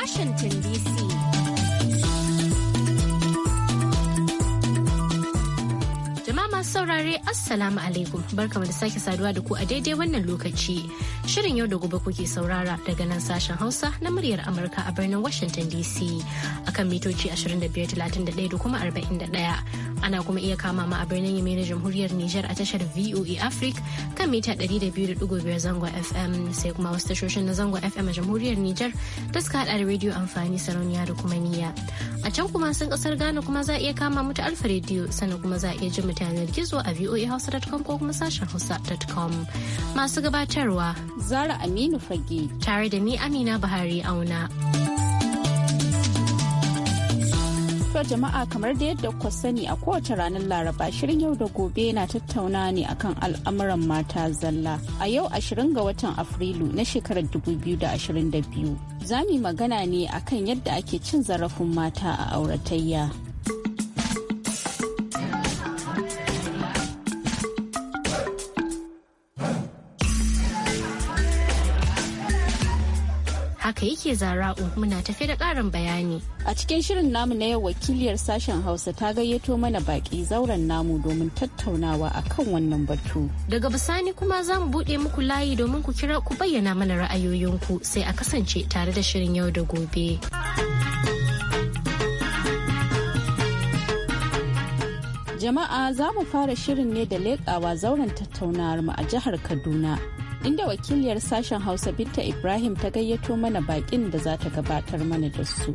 Washington DC. saurari masu saurare Assalamu alaikum barkamu da sake saduwa da ku a daidai wannan lokaci. Shirin yau da gobe kuke saurara daga nan sashen Hausa na muryar Amurka a birnin Washington DC akan mitoci 2531 da kuma 41. ana kuma iya kama ma a birnin yame na jamhuriyar Nijar a tashar VOA Africa kan mita 200.5 zango FM sai kuma wasu tashoshin na zango FM a jamhuriyar Nijar da suka hada da rediyo amfani sarauniya da kuma niya A can kuma sun kasar Ghana kuma za a iya kama mu alfa rediyo sannan kuma za a iya ji mu gizo a hausa.com ko kuma sashen hausa.com. Masu gabatarwa Zara Aminu Fage tare da ni Amina bahari auna. rayuwar jama'a kamar da yadda ku sani a kowace ranar Laraba shirin yau da gobe na tattauna ne akan al'amuran mata zalla. A yau 20 ga watan Afrilu na shekarar 2022. Za mu magana ne akan yadda ake cin zarafin mata a auratayya. haka yake zara'u muna tafe da ƙarin bayani. A cikin shirin namu na yau wakiliyar sashen Hausa ta gayyato mana baƙi zauren namu domin tattaunawa akan wannan batu. Daga bisani kuma za mu buɗe muku layi domin ku kira ku bayyana mana ra'ayoyinku sai a kasance tare da shirin yau da gobe. Jama'a za mu fara shirin ne da leƙawa zauren tattaunawar mu a jihar Kaduna inda wakiliyar sashen Hausa Binta Ibrahim ta gayyato mana bakin da za ta gabatar mana da su.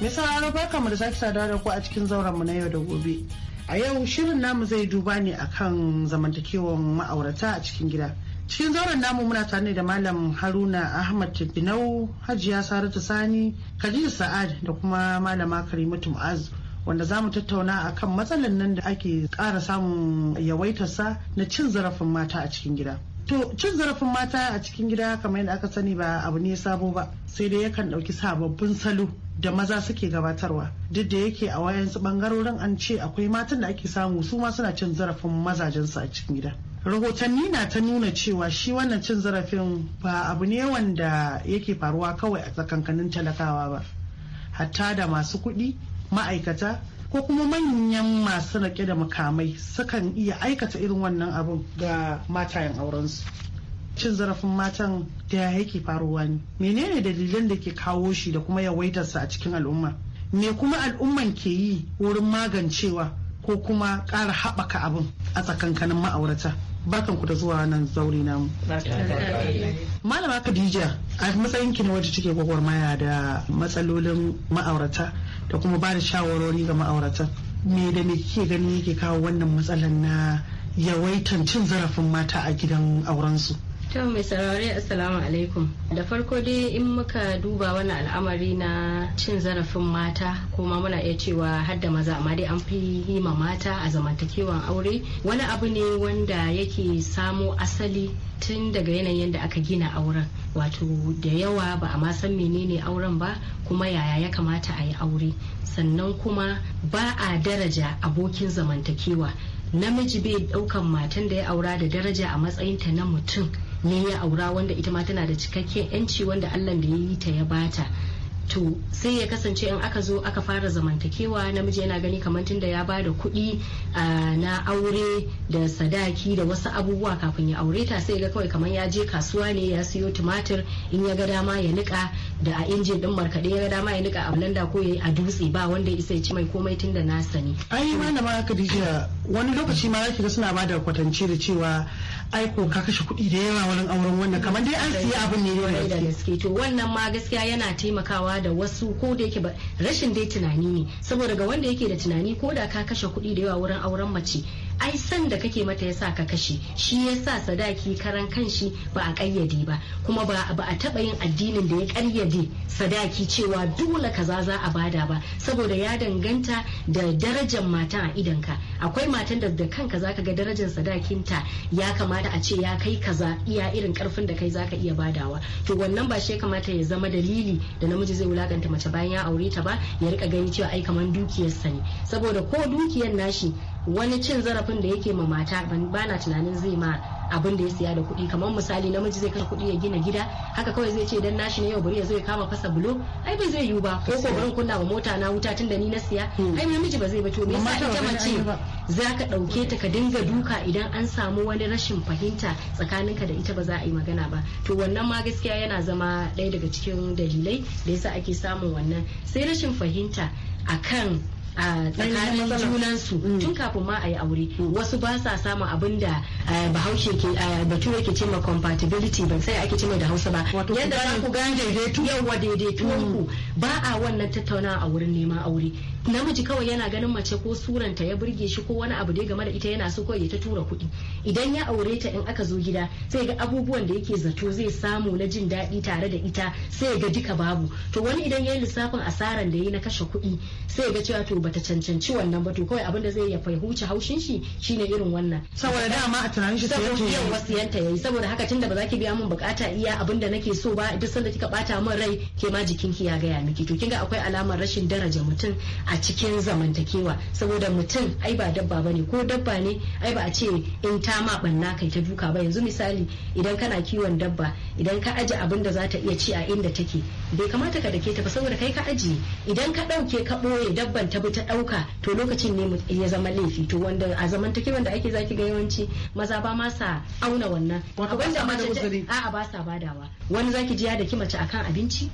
Misa barka mu da sake saduwa da ku a cikin zaurenmu na yau da gobe. A yau shirin namu zai duba ne akan zamantakewan ma'aurata a cikin gida. Cikin zauren namu muna tare da Malam Haruna Ahmad Tabinau, Hajiya Saratu Sani, kadija Sa'ad da kuma Malama Karimatu Mu'azu. wanda za mu tattauna a kan matsalar nan da ake ƙara samun yawaitarsa na cin zarafin mata a cikin gida. To cin zarafin mata a cikin gida kamar yadda aka sani ba abu ne sabo ba sai dai yakan ɗauki sababbin salo da maza suke gabatarwa duk da yake a wayansu bangarorin an ce akwai matan da ake samu su ma suna cin zarafin mazajensu a cikin gida. rahotanni na ta nuna cewa shi wannan cin zarafin ba abu ne wanda yake faruwa kawai a tsakankanin talakawa ba hatta da masu kuɗi ma'aikata ko kuma manyan masu rake da makamai sukan iya aikata irin wannan abun ga matayen aurensu cin zarafin matan da yake faruwa ne menene dalilan da ke kawo shi da kuma yawaitarsa a cikin al'umma me kuma al'umman ke yi wurin magancewa ko kuma ƙara haɓaka abin a tsakankanin ma'aurata barkan ku da zuwa nan zauri namu malama khadija a matsayin ki na wacce cike gwagwarmaya da matsalolin ma'aurata da kuma ba da shawarori ga ma'auratan me da me kike gani yake kawo wannan matsalar na yawaitan cin zarafin mata a gidan aurensu To mai saurari assalamu alaikum. Da farko dai in muka duba wani al'amari na cin zarafin mata kuma muna iya cewa hadda maza amma dai an fi yi ma mata a zamantakewan aure wani abu ne wanda yake samo asali tun daga yanayin da aka gina auren wato da yawa ba a ma san menene auren ba kuma yaya ya kamata a yi aure sannan kuma ba a daraja abokin zamantakewa namiji bai daukan matan da ya aura da daraja a matsayinta na mutum ne ya aura wanda ita ma tana da cikakken yanci wanda allah da ya yi ta ya bata to sai ya kasance in aka zo aka fara zamantakewa namiji yana gani kamar tunda ya ba da kuɗi na aure da sadaki da wasu abubuwa kafin ya aure ta sai ga kawai kamar ya je kasuwa ne ya siyo tumatir in ya ga dama ya nika da a injin din markaɗe ya ga dama ya nika a blanda ko ya yi a dutse ba wanda isa ya ci mai komai tun da na sani. ai Khadija wani lokaci ma ya suna ba da kwatance da cewa aiko ka kashe kuɗi da yawa wurin auren wannan kamar dai an siya abin ne da gaske to wannan ma gaskiya yana taimakawa da wasu ko da yake rashin dai tunani ne saboda ga wanda yake da tunani ko da ka kashe kuɗi da yawa wurin auren mace ai san da kake mata yasa ka kashe shi yasa sadaki karan kanshi ba a kayyade ba kuma ba a taba yin addinin da ya kayyade sadaki cewa dole kaza za a bada ba saboda ya danganta da darajar matan a ka akwai matan da da kanka zaka ga darajar ta ya kamata a ce ya kai kaza iya irin karfin da kai zaka iya badawa to wannan ba shi kamata ya zama dalili da namiji zai wulakanta mace bayan ya aure ta ba ya rika gani cewa ai kaman dukiyarsa ne saboda ko dukiyar nashi wani cin zarafin da yake ma mata ba na tunanin zai ma abin da ya siya da kuɗi kamar misali namiji zai kashe kuɗi ya gina gida haka kawai zai ce dan nashi ne yau bari ya zo ya kama fasa bulo ai bai zai yiwu ba ko ko barin kunna ba mota na wuta tunda ni na siya hmm. ai namiji ba zai ba to me yasa ita mace za ka ɗauke ta ka dinga duka idan an samu wani rashin fahimta tsakaninka da ita ba za a yi magana ba to wannan ma gaskiya yana zama ɗaya daga cikin dalilai da yasa ake samun wannan sai rashin fahimta akan a tsakanin su mm. tun kafin ma a yi aure wasu ba sa samun abin da eh, bahaushe ke eh, bature ke cewa compatibility ban sai ake cewa da hausa ba yadda za ku gane daidaito yawa ku mm. ba a wannan tattauna a wurin neman aure namiji kawai yana ganin mace ko suranta ya burge shi ko wani abu da game da ita yana so kawai ya ta tura kuɗi idan ya aure ta in aka zo gida sai ga abubuwan da yake zato zai samu na jin daɗi tare da ita sai ga duka babu to wani idan ya yi lissafin asaran da ya yi na kashe kuɗi sai ga cewa to bata cancanci wannan ba to kawai abin da zai ya fahimci haushin shi shine irin wannan saboda dama a tunanin shi sai yake yau wasiyanta yayi saboda haka tunda ba za ki biya min bukata iya abin da nake so ba duk sanda kika bata min rai ke ma jikin ki ya gaya miki to kinga akwai alamar rashin daraja mutum a cikin zamantakewa saboda mutum ai ba dabba bane ko dabba ne ai ba a ce in ta ma banna kai ta duka ba yanzu misali idan kana kiwon dabba idan ka aje abin da za ta iya ci a inda take bai kamata ka dake ta ba saboda kai ka ajiye idan ka dauke ka boye dabban ta ta ɗauka to lokacin ne ya zama laifi to wanda a take da ake zaki ga yawanci maza ba ma sa auna wannan wanda mace a'a ba sa badawa wani zaki ji ya daki mace akan abinci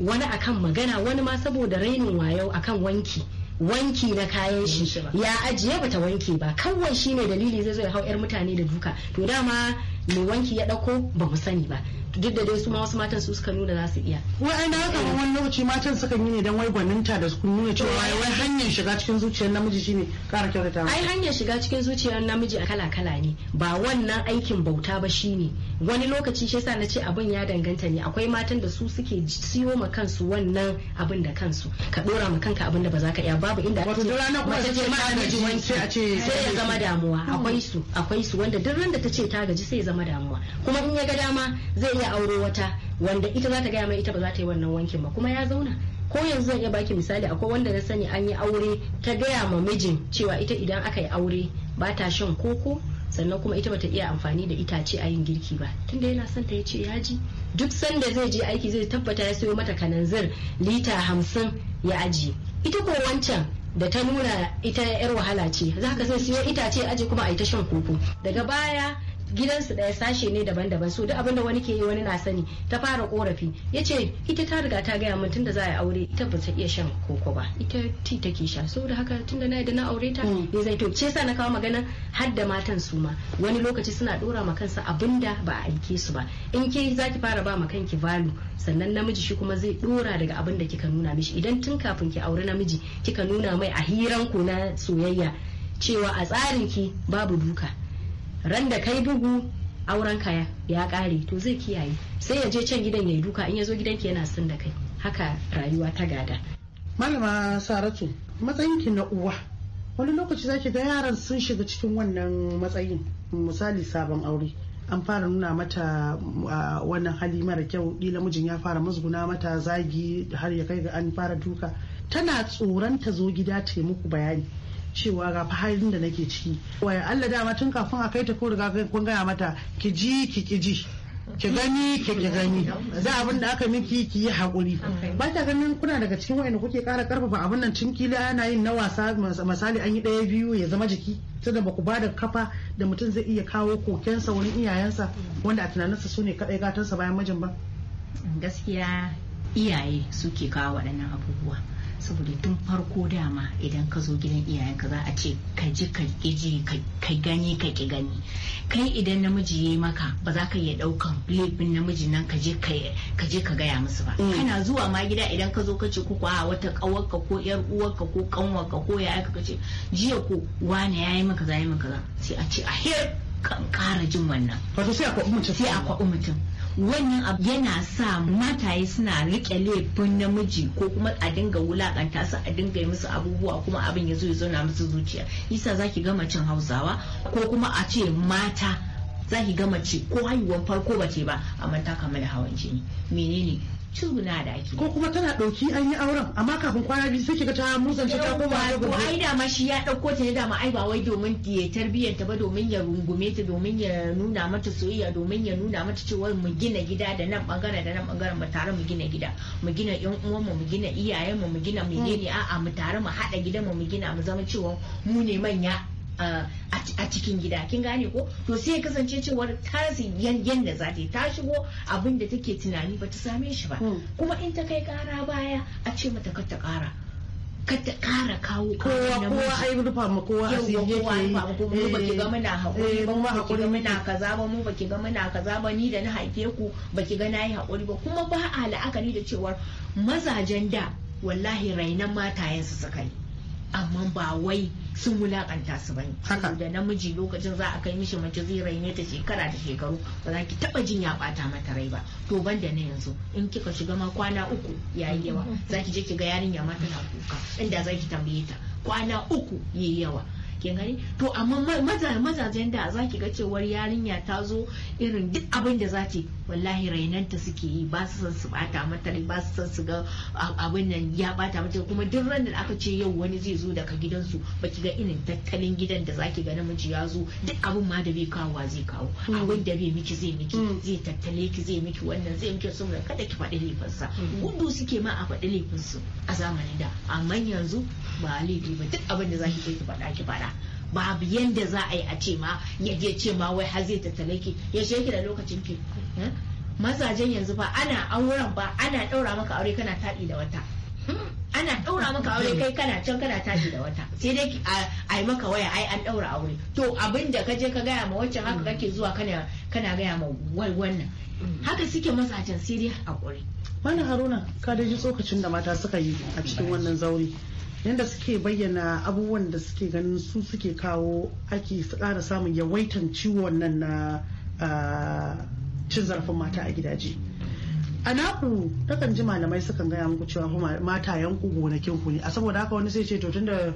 wani akan magana wani ma saboda rainin wayo akan wanki wanki na kayan shi ya ajiye bata wanke ba kawai shine dalili zai zo ya hau yar mutane da duka to dama mai wanki ya dauko ba mu sani ba duk da dai su ma wasu matan su suka nuna za su iya wai na haka wani lokaci matan suka yi ne don wai gwaninta da su nuna cewa wai hanyar shiga cikin zuciyar namiji shine kara kyautata ai hanyar shiga cikin zuciyar namiji a kala kala ne ba wannan aikin bauta ba shine wani lokaci shi yasa ce abin ya danganta ne akwai matan da su suke siyo ma kansu wannan abin da kansu ka dora ma kanka abin da ba za ka iya babu inda wato duk ranar kuma ce ma namiji wanki a ce sai ya zama damuwa akwai su akwai su wanda duk ran da ta ce ta gaji sai ya zama damuwa kuma in ya ga dama zai ya auro wata wanda ita za ta gaya mai ita ba za ta yi wannan wankin ba kuma ya zauna ko yanzu zan iya baki misali akwai wanda na sani an yi aure ta gaya ma mijin cewa ita idan aka yi aure ba ta shan koko sannan kuma ita bata iya amfani da itace a yin girki ba tunda yana son ta yace ya ji duk sanda zai je aiki zai tabbata ya sayo mata kananzir lita hamsin ya aji ita ko wancan da ta nuna ita yar wahala ce zaka sai siyo itace aji kuma a yi ta shan koko daga baya gidansu ɗaya sashe ne daban-daban so duk abinda wani ke yi wani na sani ta fara korafi ya ce ita ta riga ta gaya min da za a yi aure ita ba ta iya shan koko ba ita ti take sha so da haka tun da na da na aure ta mm. ya zai to ce sa na kawo magana har da matan su ma wani lokaci suna dora ma kansa abinda ba a aike su ba in ke ki fara ba ma kanki valu sannan namiji shi kuma zai dora daga abin da kika nuna mishi idan tun kafin ki aure namiji kika nuna mai a hiran ku na soyayya cewa a tsarin ki babu duka ran da kai bugu auren ka ya kare to zai kiyaye sai ya je can gidan ya yi duka in ya zo gidanki yana son da kai haka rayuwa ta gada malama saratu matsayinki na uwa wani lokaci zaki ga yaran sun shiga cikin wannan matsayin misali sabon aure an fara nuna mata wannan hali mara kyau kila mijin ya fara musguna mata zagi har ya kai ga an fara duka tana tsoron ta zo gida ta yi muku bayani cewa ga halin da nake ciki Waye Allah dama tun kafin a kai ta ko riga kun gaya mata ki ji ki ki ji ki gani ki ki gani za abin da aka miki ki yi hakuri ba ta ganin kuna daga cikin wayanda kuke kara karfafa abin nan cin kila yana yin na wasa misali an yi daya biyu ya zama jiki tunda ba ku bada kafa da mutum zai iya kawo kokensa wurin iyayensa wanda a tunaninsa su ne kadai gatansa bayan mijin ba gaskiya iyaye suke kawo waɗannan abubuwa saboda tun farko dama idan ka zo gidan iyayenka za a ce ka ji ka ji ka gani ka ki gani kai idan namiji yayi maka ba za ka iya daukan laifin namiji nan ka je ka je ka gaya musu ba mm. kana zuwa ma gida idan ka zo ka ce ku a wata kawarka ko yar uwarka ko kanwarka ko yaya ka ce jiya ko wane yayi maka zai maka sai a ce a her kan kara jin wannan wato sai a kwaɓi mutum sai a kwaɓi mutum wannan abu yana sa mataye suna rike laifin namiji ko kuma a dinga wulakanta su a dinga yi musu abubuwa kuma abin ya zo ya zauna musu zuciya yasa zaki gama cin hausawa ko kuma a ce mata za ki gama ko haihuwar farko ba ce ba amma ta kama da hawan jini menene cibina da ake ko kuma tana dauki an yi auren amma kafin kwana biyu sai kiga ta musan ta koma ko ai da ma shi ya ɗauko ta ne da ma ai ba wai domin ya tarbiyyar ba domin ya rungume ta domin ya nuna mata soyayya domin ya nuna mata cewa mu gina gida da nan bangare da nan bangaren mu tare mu gina gida mu gina yan uwanmu mu mu gina iyayen mu mu gina menene a'a mu tare mu haɗa gidan mu mu gina mu zama cewa mu ne manya a cikin gida kin gane ko to sai ya kasance cewar tasi yanda za ta ta shigo abin da take tunani ba ta same shi ba hmm. kuma in ta kai kara baya a ce mata ka ta kara ka ta kara kawo kowa kowa ai rufa ma kowa asiri yake kowa mu baki ga muna eh, hakuri ba mu hakuri muna kaza ba mu baki ga muna kaza ba ni da na haife ku baki ga nayi hakuri ba kuma ba a la'akari da cewar mazajen da wallahi rainan matayensu suka yi amma ba wai sun wulakanta su bane da namiji lokacin za a kai mishi mace zai raine ta shekara da shekaru ba za ki taɓa jin ya bata mata rai ba to ban da na yanzu in kika shiga ma kwana uku yayi yawa za ki je ki ga yarinya ma tana kuka inda za ki tambaye ta kwana uku yayi yawa kin gani to amma mazajen da za ki ga cewar yarinya ta zo irin duk abin da za ta wallahi rainanta suke yi ba su san su bata mata ba su san su ga abin nan ya bata mata kuma duk ran da aka ce yau wani zai zo daga gidansu ba ki ga irin tattalin gidan da zaki ga namiji ya zo duk abin ma da bai kawo zai kawo mm. abin da bai miki zai miki mm. zai tattale ki zai miki wannan zai miki sun kada ki faɗi laifinsa mm. gudu suke ma a faɗi laifinsu a zamanin da amma yanzu ba laifi ba duk abin da zaki ce ki faɗa ki faɗa babu yanda za a yi a ce ma ya je ce ma wai har zai tattale ki ya ce da lokacin ki hmm? mazajen yanzu ba ana auren ba ana daura maka aure kana taɗi da wata hmm? ana ɗaura maka aure kai kana can kana tashi da wata sai dai a yi maka waya ai an ɗaura aure to abin da ka je ka gaya ma waccan haka kake zuwa kana gaya ma wannan haka suke mazajen sai dai hakuri Mana Haruna ka da ji tsokacin da mata suka yi a cikin wannan zaure yadda suke bayyana abubuwan da suke ganin su suke kawo ake ƙara samun yawaitan ciwon nan na cin zarafin mata a gidaje a naku takan ji malamai sukan gaya muku cewa mata yanku gonakin ku ne a saboda haka wani sai ce to tunda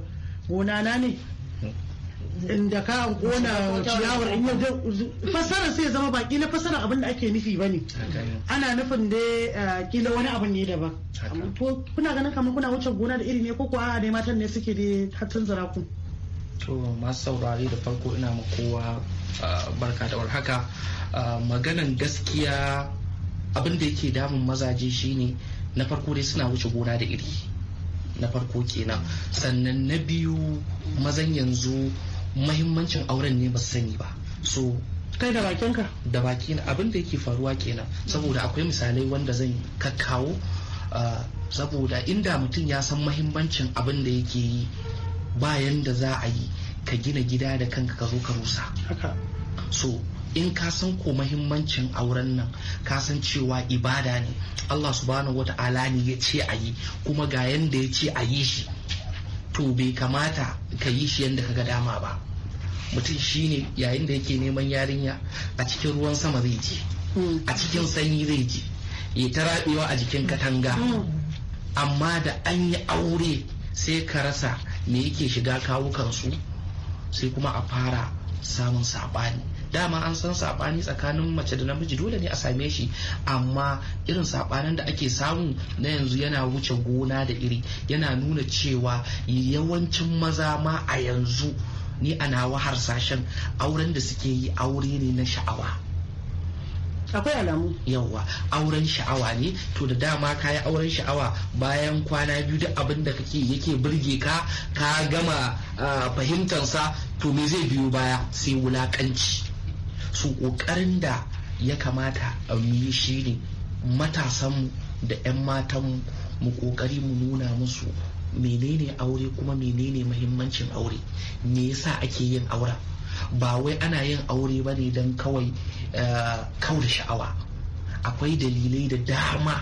gona na ne da ka gona ciyawar in yanzu fasara sai zama ba kila fasara abin da ake nufi bane ana nufin da eh, kila wani abu ne daban ko kuna ganin kamar kuna wuce gona da iri ne ko ko a'a dai matan ne suke da hatun ziraku to masu saurari da farko ina ma kowa ah, barka da warhaka ah, maganan gaskiya abin da yake damun mazaje shine na farko dai suna wuce gona da iri na farko kenan sannan na biyu mazan yanzu mahimmancin auren ne ba su sani ba so kai da bakinka da bakina abin da yake faruwa kenan saboda akwai misalai wanda zan kakkawo ah, saboda inda mutum ya san mahimmancin abin da yake yi bayan da za a yi ka gina gida da kanka ka zo ka rusa so in ka san ko mahimmancin auren nan ka san cewa ibada ne Allah subhanahu wata'ala ne ya ce a yi kuma ga yanda ya ce a yi shi to bai kamata ka yi shi yanda ka ga dama ba mutum shine yayin da yake neman yarinya a cikin ruwan sama zai ji a cikin sanyi zai ji ya ta rabewa a jikin katanga amma da an yi aure sai ka rasa me yake shiga kawukansu sai kuma a fara samun sabani dama an san sabani tsakanin mace da namiji dole ne a same shi amma irin sabanin da ake samu na yanzu yana wuce gona da iri yana nuna cewa yawancin maza ma a yanzu ni a nawa harsashen auren da suke yi aure ne na sha'awa akwai alamu yawwa auren sha'awa ne to da dama ka yi auren sha'awa bayan kwana biyu duk abin da kake yake burge ka ka gama fahimtansa to me zai biyo baya sai wulakanci su kokarin da ya kamata a yi shi ne matasanmu da 'yan matanmu mu kokari mu nuna musu menene aure kuma menene mahimmancin aure me yasa ake yin auren ba wai ana yin aure ba ne don kawai eh, kau da sha'awa akwai dalilai da dama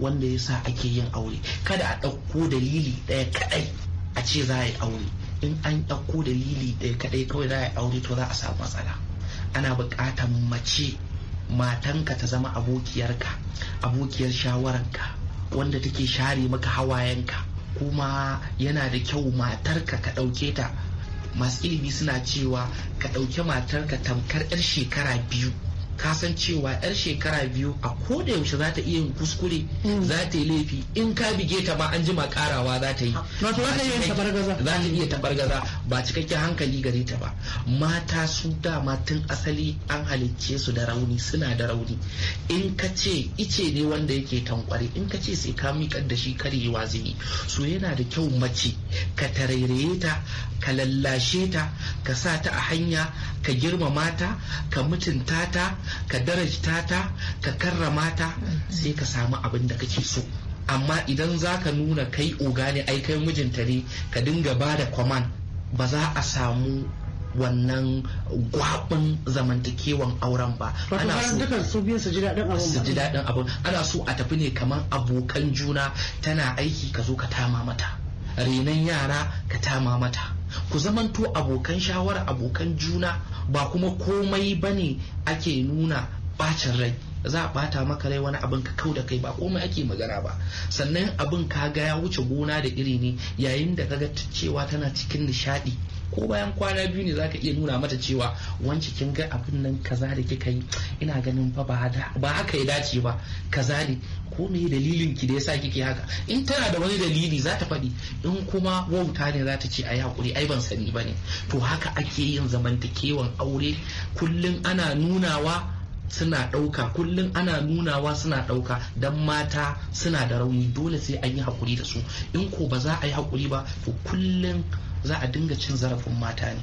wanda yasa ake yin aure kada a ɗauko dalili ɗaya kaɗai a ce za a yi aure in an ɗauko dalili ɗaya kaɗai kawai za a yi aure to za a samu matsala ana buƙatar mace matanka ta zama abokiyarka abokiyar shawararka wanda take share maka hawayenka kuma yana da kyau matarka ka ɗauke ta masu ilimi suna cewa ka ɗauke matarka tamkar 'yar shekara biyu ka san cewa 'yar shekara biyu a koda yaushe za ta iya yin kuskure mm. za ta yi laifi in ka bige ta ma an jima karawa za ta yi za ta iya gaza. ba cikakken hankali gare ta ba mata su dama tun asali an halicce su da rauni suna da rauni in ka ce ice ne wanda yake tankware in ka ce sai ka miƙar da shi karyewa zai yi so yana da kyau mace ka tarairaye ta ka lallashe ta ka sa ta a hanya ka girmama ta ka mutunta ta ka darajta ta ka karrama ta sai ka samu abin da kake so amma idan za ka nuna kai oga ne ai kai mijinta ne ka dinga ba da kwaman ba za a samu wannan gwabin zamantakewan auren ba ana so su su ji daɗin su ji daɗin ana so a tafi ne kamar abokan juna tana aiki ka zo ka tama mata renon yara ka tama mata ku zamanto abokan shawara abokan juna ba kuma komai bane ake nuna bacin rai za a bata maka rai wani abin ka kau da kai ba komai ake magana ba sannan abin ka ga ya wuce gona da iri ne yayin da kaga cewa tana cikin nishadi ko bayan kwana biyu ne zaka iya nuna mata cewa wance kin ga abin nan kaza da kika yi ina ganin fa ba haka ya dace ba kaza ne ko me dalilin ki da yasa kike haka in tana da wani dalili za ta faɗi in kuma wauta ne za ta ce ai hakuri ai ban sani bane to haka ake yin zamantakewan aure kullum ana nunawa suna ɗauka kullum ana nunawa suna ɗauka don mata suna da rauni dole sai an yi haƙuri da su in ko ba za a yi haƙuri ba to kullum za a dinga cin zarafin mata ne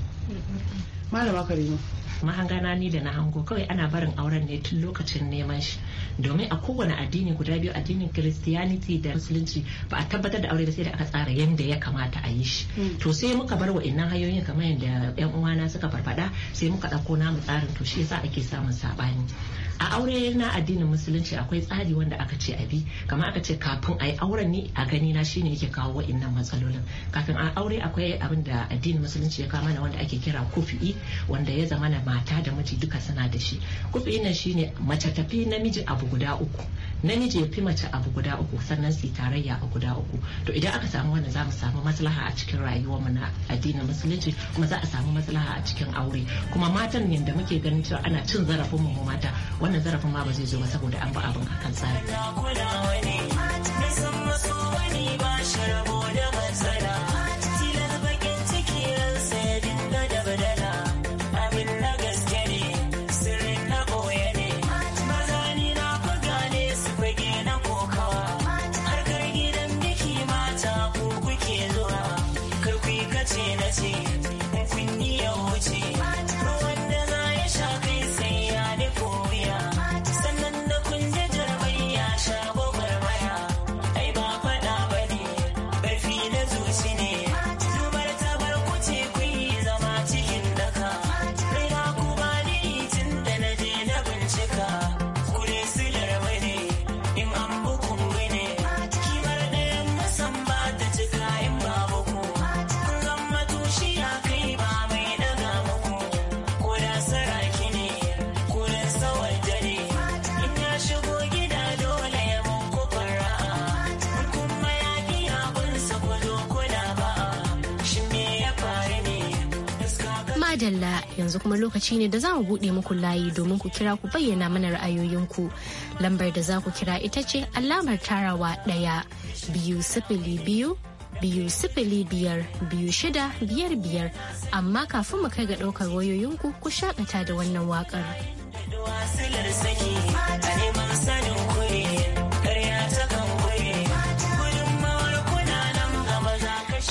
malama karima mahangana ni da na hango kawai ana barin auren ne tun lokacin neman shi domin a kowane addini guda biyu addinin christianity da musulunci ba a tabbatar da aure da sai da aka tsara yadda ya kamata a yi shi hmm. to sai muka bar wa'annan hayoyin kamar yadda yan uwana suka farfada sai muka ɗauko namu tsarin to shi yasa ake samun saɓani a aure na addinin musulunci akwai tsari wanda aka ce a bi kamar aka ce kafin a yi auren ne a gani na shine yake kawo wa'annan matsalolin kafin a aure akwai abin da addinin musulunci ya kama na wanda ake kira kufi'i wanda ya zama na mata da miji duka suna da shi kuɗi nan shine mace tafi namiji abu guda uku namiji ya fi mace abu guda uku sannan su tarayya a guda uku to idan aka samu wannan za mu samu maslaha a cikin rayuwar mu na addinin musulunci kuma za a samu maslaha a cikin aure kuma matan da muke ganin cewa ana cin zarafin mu mata wannan zarafin ma ba zai zo ba saboda an ba abin akan tsari. yanzu kuma lokaci ne da za mu buɗe muku layi domin ku kira ku bayyana mana ra'ayoyinku. Lambar da za ku kira ita ce alamar tarawa ɗaya biyu sifili biyu biyu sifili biyar biyu shida biyar biyar amma kafin mu kai ga ɗaukar wayoyinku ku shaƙata da wannan waƙar.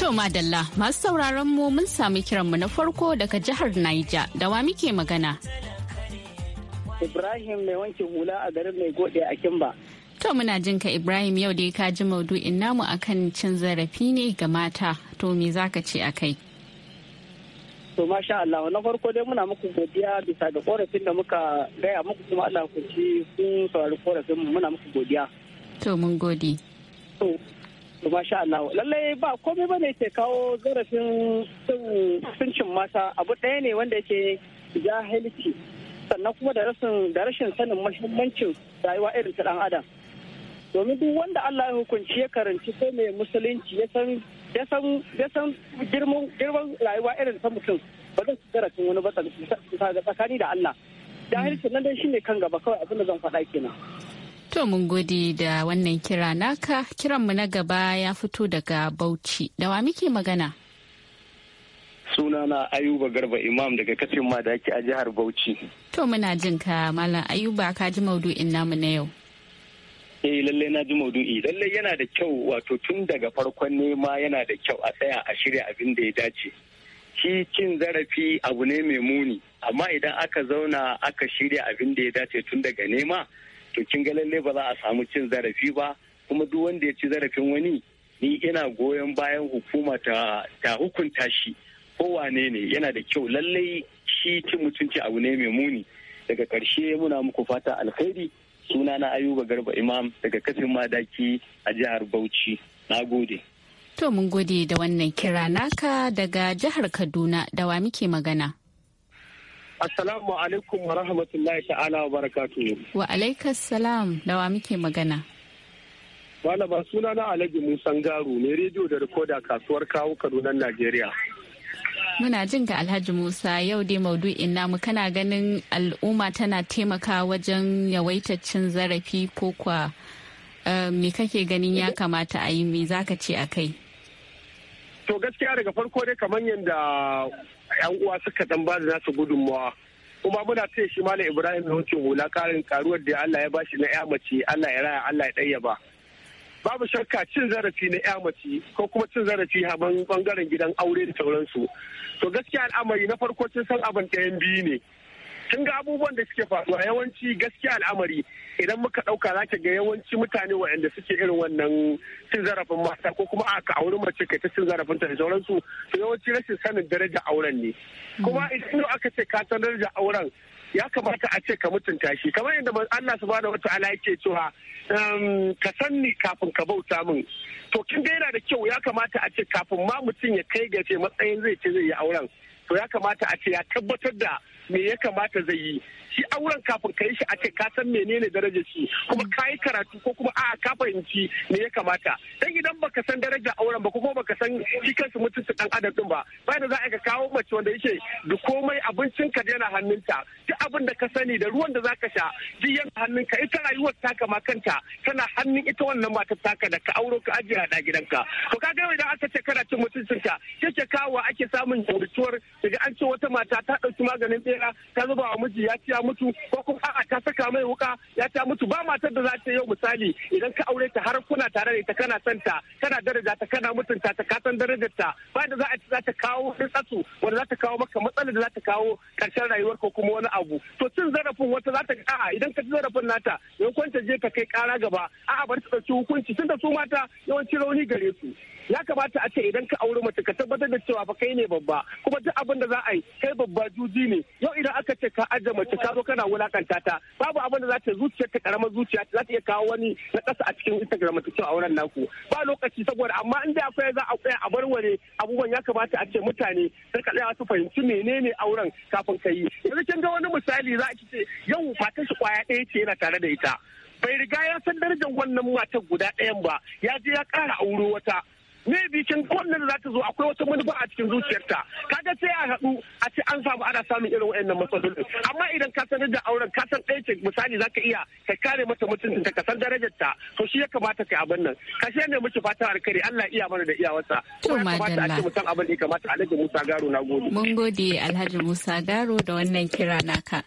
To Madalla masu sauraron mu mun sami kiran mu na farko daga jihar Niger da wa muke magana. Ibrahim mai wanke hula a garin mai gode a Kimba. To muna jin ka Ibrahim yau dai ka ji maudu'in namu akan cin zarafi ne ga mata to me zaka ce a kai? To masha Allah na farko dai muna muku godiya bisa ga korafin da muka gaya muku kuma Allah ku ci sun saurari korafin muna muku godiya. To mun gode. to masha Allah lallai ba komai bane ke kawo zarafin suncin mata abu ɗaya ne wanda yake jahilci sannan kuma da rashin da rashin sanin muhimmancin rayuwa irin ta dan adam domin duk wanda Allah ya hukunci ya karanci ko mai musulunci ya san ya san ya san girman girman rayuwa irin ta mutum ba zan ci zarafin wani ba tsakani da Allah jahilci nan dai shine kan gaba kawai abin da zan faɗa kenan To mun gode da wannan kira naka kiranmu na gaba ya fito daga Bauchi. Da wa muke magana? Sunana Ayuba Garba Imam daga kafin madaki a jihar Bauchi. To muna jin ka Malam Ayuba ka ji maudu'in namu na yau. eh lallai na ji maudu'i lallai yana da kyau wato tun daga farkon nema yana da kyau a tsaya a shirya abin da ya dace shi cin zarafi abu ne mai muni amma idan aka zauna aka shirya abin da ya dace tun daga nema to kin ga lalle ba za a samu cin zarafi ba kuma duk wanda ya ci zarafin wani ni ina goyon bayan hukuma ta hukunta shi kowane ne yana da kyau lallai shi cin mutunci abu ne mai muni daga karshe muna muku fata alkhairi suna na ayuba garba imam daga kafin madaki a jihar bauchi na gode to mun gode da wannan kira naka daga jihar kaduna da wa muke magana Assalamu alaikum wa rahmatullahi ta'ala wa barakatu. Wa alaikas salam dawa muke magana. Malama suna na Alhaji Musan Garu ne rediyo da rikoda kasuwar kawo Kaduna Najeriya. Muna jin ga Alhaji Musa yau dai maudu'in namu kana ganin al'umma tana taimaka wajen yawaitar cin zarafi ko kwa eh, me kake ganin ya kamata a yi me zaka ce a kai? To gaskiya daga farko dai kamar yadda yan uwa suka dan ba da nasu gudunmawa kuma muna taya shi malam ibrahim ya wuce hula karin karuwar da allah ya bashi na ya mace allah ya raya allah ya ɗayyaba babu shakka cin zarafi na ya mace ko kuma cin zarafi a bangaren gidan aure da sauransu to gaskiya al'amari na farko cin san abin ɗayan biyu ne kin ga abubuwan da suke faruwa yawanci gaskiya al'amari idan muka ɗauka za ga yawanci mutane waɗanda suke irin wannan cin zarafin mata ko kuma aka auri mace kai ta cin zarafin ta da sauransu to yawanci rashin sanin daraja auren ne kuma hmm. idan aka ce ka san daraja auren ya kamata a ce ka mutunta shi kamar yadda Allah subhanahu wata'ala yake cewa ka san ni kafin ka bauta min to kin ga yana da kyau ya kamata a ce kafin ma mutum ya kai ga ce matsayin zai ce zai yi auren to ya kamata a ce ya tabbatar da me ya kamata zai yi shi auren kafin ka yi shi a ce ka san menene daraja shi kuma ka yi karatu ko kuma a'a ka fahimci me ya kamata dan idan baka san daraja auren ba kuma baka san shi kansu mutunta dan adam din ba ba da za a ga kawo mace wanda yake duk komai abincin ka yana hannunta duk abin da ka sani da ruwan da zaka sha duk yana hannunka ita rayuwar taka ma kanta tana hannun ita wannan matar taka da ka auro ka ajiye a gidanka to ka ga idan aka ce kana cin ka sai ke kawo ake samun jurutuwar daga an ce wata mata ta dauki maganin gera ta zuba wa miji ya ciya mutu ko kuma a'a ta saka mai wuka ya ciya mutu ba matar da za ta yau misali idan ka aure ta har kuna tare da ita kana son ta kana daraja ta kana mutunta ta ka san darajar ta ba da za a ci za ta kawo wani tsatsu wanda za ta kawo maka matsalar da za ta kawo karshen rayuwar ko kuma wani abu to cin zarafin wata za ta a'a idan ka ci zarafin nata yankon ta je ka kai kara gaba a'a bari ta dauki hukunci tun da su mata yawanci rauni gare su ya kamata a ce idan ka aure mace ka tabbatar da cewa fa kai ne babba kuma duk abin da za a yi kai babba juji ne yau idan aka ce ka aje mace ka zo kana wulakanta ta babu abin da za ta zuciya ta karamar zuciya za ta iya kawo wani na kasa a cikin instagram ta cewa auren naku ba lokaci saboda amma inda akwai za a tsaya a bar barware abubuwan ya kamata a ce mutane sai ka tsaya su fahimci menene auren kafin ka yi yanzu kin ga wani misali za a ce yau fatan shi kwaya ɗaya ce yana tare da ita bai riga ya san darajar wannan matar guda ɗayan ba ya je ya ƙara auro wata maybe kin da za ta zo akwai wata manufa a cikin zuciyarta kaga sai a haɗu a ce an samu ana samun irin wayannan matsaloli amma idan ka sanar da auren ka san ɗaya ce misali zaka iya ka kare mata ta ka san darajar ta to shi ya kamata yi abin nan ka shi ne miki fata alkhairi Allah iya mana da iyawarsa to ma kamata a ce mutum abin da kamata Alhaji Musa Garo na gode mun gode Alhaji Musa Garo da wannan kira naka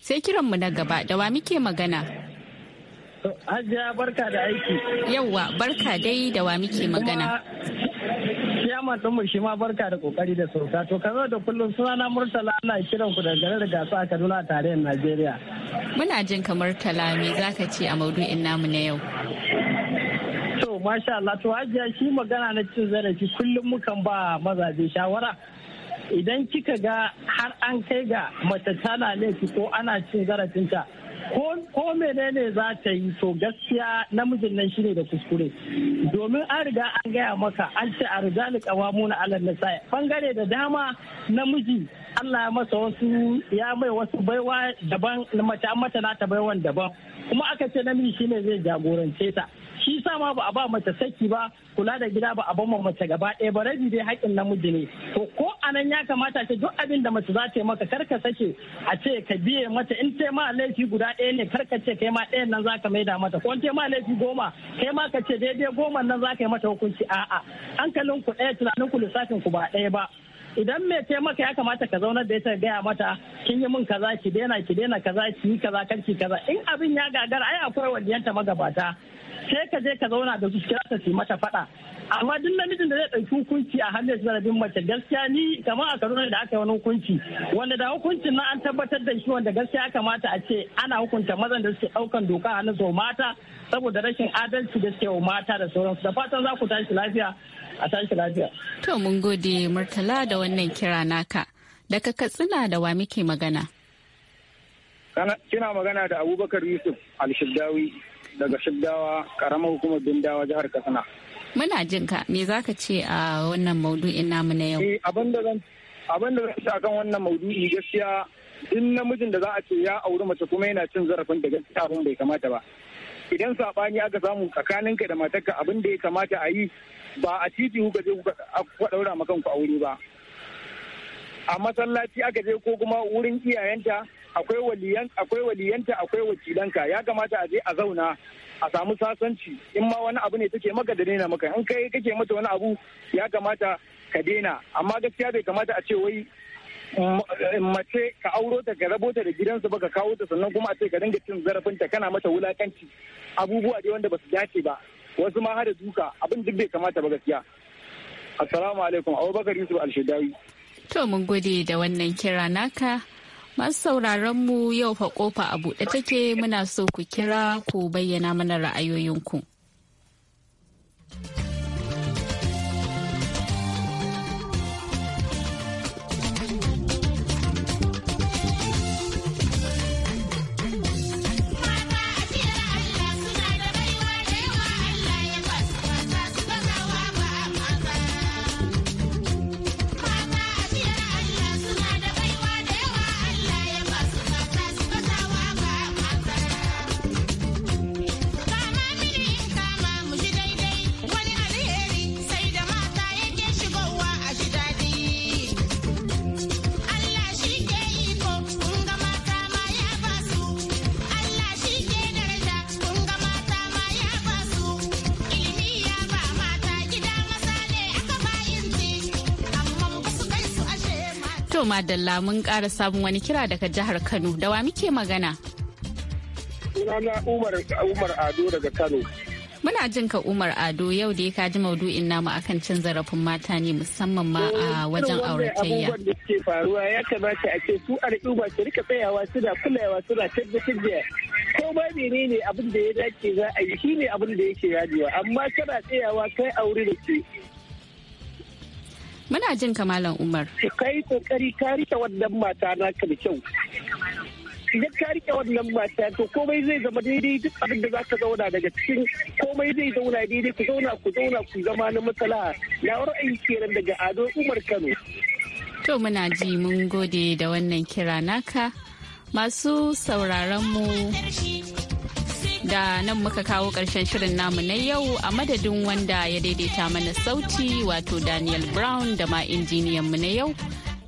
sai kiran mu na gaba da wa muke magana Hajiya barka da aiki. Yawwa barka dai da wa muke magana. ya ɗinmu shi ma barka da kokari da sauka. To kamar da kullum na Murtala ana kiran ku daga garin da a Kaduna tare tarayyar Najeriya. Muna jin kamar Tala me zaka ce a maudu'in namu na yau. To masha Allah to hajiya shi magana na cin zarafi kullum mukan ba mazaje shawara. Idan kika ga har an kai ga mace tana laifi ko ana cin zarafinta ko menene za ta yi so gaskiya namijin nan shine da kuskure domin an riga an gaya maka an ce a ni kawamu na alal nisa bangare da dama namiji Allah ya masa wasu ya mai wasu baiwa daban mace an mata ta baiwan daban kuma aka ce namiji shine zai jagorance ta shi sa ma ba a ba mace saki ba kula da gida ba a ba ma mace gaba ɗaya ba rabi dai haƙin namiji ne to ko anan ya kamata ce duk abin da mace za ta yi maka kar ka sake a ce ka biye mata in ta ma laifi guda ɗaya ne kar ka ce kai ma ɗayan nan za ka maida mata ko in ta ma laifi goma kai ma ka ce daidai goma nan za ka yi mata hukunci a'a hankalin ku ɗaya tunanin ku lissafin ku ba ɗaya ba idan mai taimaka ya kamata ka zaunar da ita gaya mata kin yi min kaza ki daina ki daina kaza ki yi kaza kan ki kaza in abin ya gagara ai akwai waliyanta magabata sai ka je ka zauna da su kira ta mata faɗa amma duk namijin da zai ɗauki hukunci a hannun zarafin mace gaskiya ni kamar a kaduna da aka yi wani hukunci wanda da hukuncin na an tabbatar da shi wanda gaskiya ya kamata a ce ana hukunta mazan da suke ɗaukan doka a hannun mata saboda rashin adalci da suke mata da sauransu da fatan za ku tashi lafiya a tashi lafiya. to mun gode murtala da wannan kira naka daga katsina da wa muke magana. kina magana da abubakar yusuf alshibdawi daga shiddawa karamar hukumar bindawa jihar katsina. Muna jin ka me za ka ce a wannan maudu'in namu na yau? Eh, abin da zan ce akan wannan maudu'i gaskiya duk namijin da za a ce ya auri mace kuma yana cin zarafin da gaskiya abin bai kamata ba. Idan saɓani aka samu tsakaninka da matarka abin da ya kamata a yi ba a titi kuka je kuka ɗaura ma kanku aure ba. A masallaci aka je ko kuma wurin iyayenta akwai waliyanta akwai wakilanka ya kamata a je a zauna a samu sasanci in ma wani abu ne take maka da daina maka in kai kake mata wani abu ya kamata ka daina amma gaskiya bai kamata a ce wai eh, mace ka auro ta ka rabo ta da gidansa ba ka kawo ta sannan kuma a ce ka dinga cin zarafinta kana mata wulakanci abubuwa dai wanda ba su dace ba wasu ma hada duka abin duk bai kamata ba gaskiya assalamu alaikum abubakar yusuf alshidawi to mun gode da wannan kira naka Masu sauraron mu yau fa kofa a buɗe take muna so ku kira ku bayyana mana ra'ayoyinku. madalla mun kara sabon wani kira daga jihar Kano da wa muke magana. Sunana Umar Umar Ado daga Kano. Muna jin ka Umar Ado yau da ka ji maudu'in namu akan cin zarafin mata ne musamman ma eh, a wajen auratayya. Abubuwan da suke faruwa ya kamata a ce su al'umma su rika tsayawa suna kulawa suna tabbatar da ko ba ne abin da ya dace za a yi shine abin da yake yadewa amma kana tsayawa kai aure da ke Muna jin kamalan Umar. kai kokari ka rike wannan mata na da kyau. Idan ka rike wannan mata to komai zai zama daidai duk abin da za ka zauna daga cikin komai zai zauna daidai ku zauna ku zauna ku zama na matsala. Ya ra'ayi kenan daga Ado Umar Kano. To muna ji mun gode da wannan kira naka. Masu sauraron mu da nan muka kawo ƙarshen shirin namu na yau a madadin wanda ya daidaita mana sauti wato Daniel Brown da ma injiniyan mu na yau.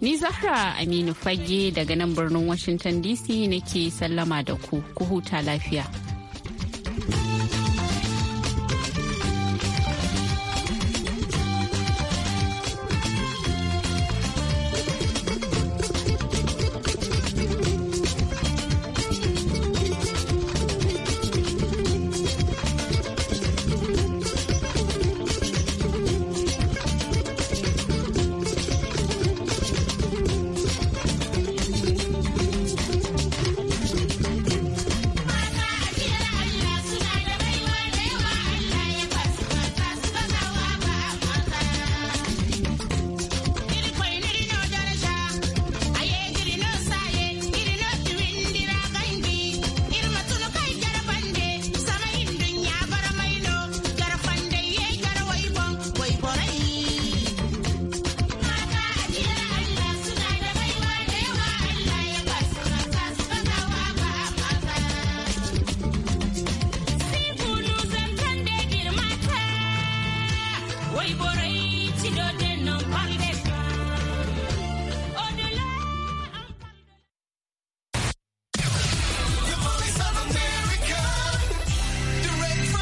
Ni Zahra Aminu Fage daga nan birnin Washington DC nake sallama da ku, ku huta lafiya.